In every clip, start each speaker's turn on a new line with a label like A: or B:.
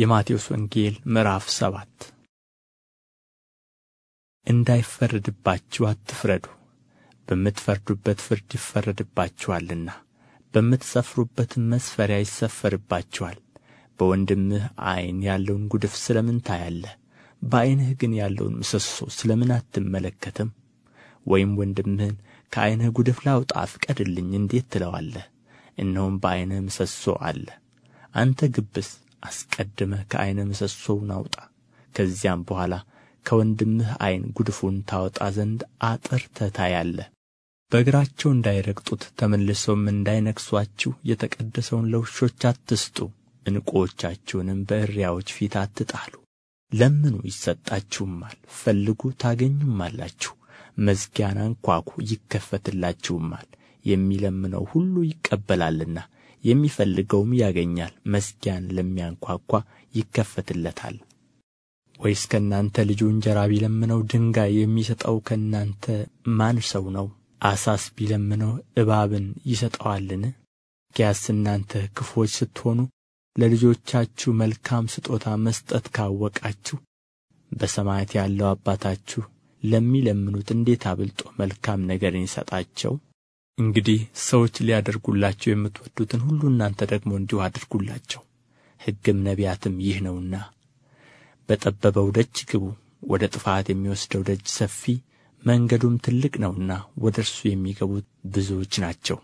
A: የማቴዎስ ወንጌል ምዕራፍ ሰባት እንዳይፈረድባችሁ አትፍረዱ፣ በምትፈርዱበት ፍርድ ይፈረድባችኋልና፣ በምትሰፍሩበትም መስፈሪያ ይሰፈርባችኋል። በወንድምህ አይን ያለውን ጉድፍ ስለ ምን ታያለህ? በዓይንህ ግን ያለውን ምሰሶ ስለ ምን አትመለከትም? ወይም ወንድምህን ከአይንህ ጉድፍ ላውጣ ፍቀድልኝ እንዴት ትለዋለህ? እነሆም በዓይንህ ምሰሶ አለ። አንተ ግብስ አስቀድመህ ከዓይነ ምሰሶውን አውጣ ከዚያም በኋላ ከወንድምህ ዓይን ጉድፉን ታወጣ ዘንድ አጥርተህ ታያለህ። በእግራቸው እንዳይረግጡት ተመልሰውም እንዳይነክሷችሁ የተቀደሰውን ለውሾች አትስጡ፣ ዕንቁዎቻችሁንም በእሪያዎች ፊት አትጣሉ። ለምኑ ይሰጣችሁማል፣ ፈልጉ ታገኙማላችሁ፣ መዝጊያን አንኳኩ ይከፈትላችሁማል። የሚለምነው ሁሉ ይቀበላልና የሚፈልገውም ያገኛል፣ መዝጊያን ለሚያንኳኳ ይከፈትለታል። ወይስ ከእናንተ ልጁ እንጀራ ቢለምነው ድንጋይ የሚሰጠው ከእናንተ ማን ሰው ነው? አሳስ ቢለምነው እባብን ይሰጠዋልን? እንኪያስ እናንተ ክፉዎች ስትሆኑ ለልጆቻችሁ መልካም ስጦታ መስጠት ካወቃችሁ በሰማያት ያለው አባታችሁ ለሚለምኑት እንዴት አብልጦ መልካም ነገርን ይሰጣቸው። እንግዲህ ሰዎች ሊያደርጉላችሁ የምትወዱትን ሁሉ እናንተ ደግሞ እንዲሁ አድርጉላቸው። ሕግም ነቢያትም ይህ ነውና። በጠበበው ደጅ ግቡ፣ ወደ ጥፋት የሚወስደው ደጅ ሰፊ መንገዱም ትልቅ ነውና ወደ እርሱ የሚገቡት ብዙዎች ናቸው።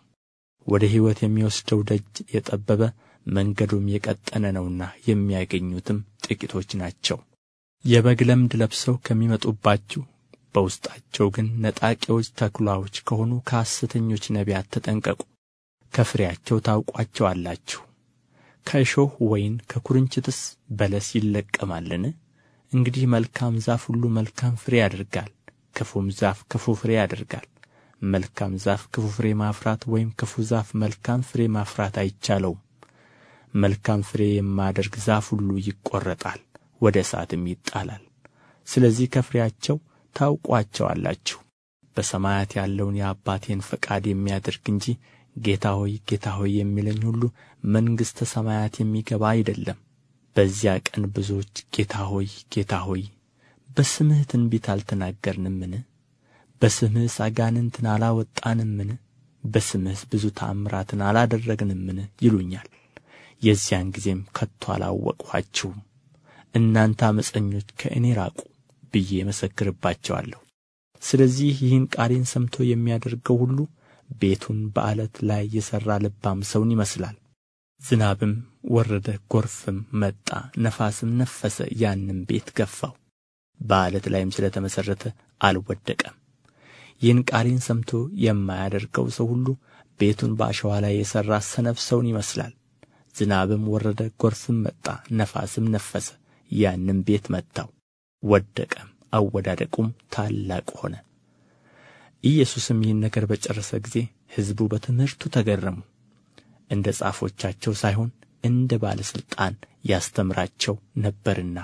A: ወደ ሕይወት የሚወስደው ደጅ የጠበበ መንገዱም የቀጠነ ነውና የሚያገኙትም ጥቂቶች ናቸው። የበግ ለምድ ለብሰው ከሚመጡባችሁ በውስጣቸው ግን ነጣቂዎች ተኩላዎች ከሆኑ ከሐሰተኞች ነቢያት ተጠንቀቁ፣ ከፍሬያቸው ታውቋቸዋላችሁ። ከእሾህ ወይን ከኵርንችትስ በለስ ይለቀማልን? እንግዲህ መልካም ዛፍ ሁሉ መልካም ፍሬ ያደርጋል፣ ክፉም ዛፍ ክፉ ፍሬ ያደርጋል። መልካም ዛፍ ክፉ ፍሬ ማፍራት ወይም ክፉ ዛፍ መልካም ፍሬ ማፍራት አይቻለውም። መልካም ፍሬ የማያደርግ ዛፍ ሁሉ ይቈረጣል፣ ወደ እሳትም ይጣላል። ስለዚህ ከፍሬያቸው ታውቋቸዋላችሁ። በሰማያት ያለውን የአባቴን ፈቃድ የሚያደርግ እንጂ ጌታ ሆይ ጌታ ሆይ የሚለኝ ሁሉ መንግሥተ ሰማያት የሚገባ አይደለም። በዚያ ቀን ብዙዎች ጌታ ሆይ ጌታ ሆይ በስምህ ትንቢት አልተናገርንምን? በስምህስ አጋንንትን አላወጣንምን? በስምህስ ብዙ ተአምራትን አላደረግንምን? ይሉኛል። የዚያን ጊዜም ከቶ አላወቅኋችሁም። እናንተ ዓመፀኞች ከእኔ ራቁ ብዬ እመሰክርባቸዋለሁ። ስለዚህ ይህን ቃሌን ሰምቶ የሚያደርገው ሁሉ ቤቱን በዓለት ላይ የሠራ ልባም ሰውን ይመስላል። ዝናብም ወረደ፣ ጎርፍም መጣ፣ ነፋስም ነፈሰ፣ ያንም ቤት ገፋው፣ በዓለት ላይም ስለ ተመሠረተ አልወደቀም። ይህን ቃሌን ሰምቶ የማያደርገው ሰው ሁሉ ቤቱን በአሸዋ ላይ የሠራ ሰነፍ ሰውን ይመስላል። ዝናብም ወረደ፣ ጎርፍም መጣ፣ ነፋስም ነፈሰ፣ ያንም ቤት መታው። ወደቀም፣ አወዳደቁም ታላቅ ሆነ። ኢየሱስም ይህን ነገር በጨረሰ ጊዜ ሕዝቡ በትምህርቱ ተገረሙ። እንደ ጻፎቻቸው ሳይሆን እንደ ባለ ሥልጣን ያስተምራቸው ነበርና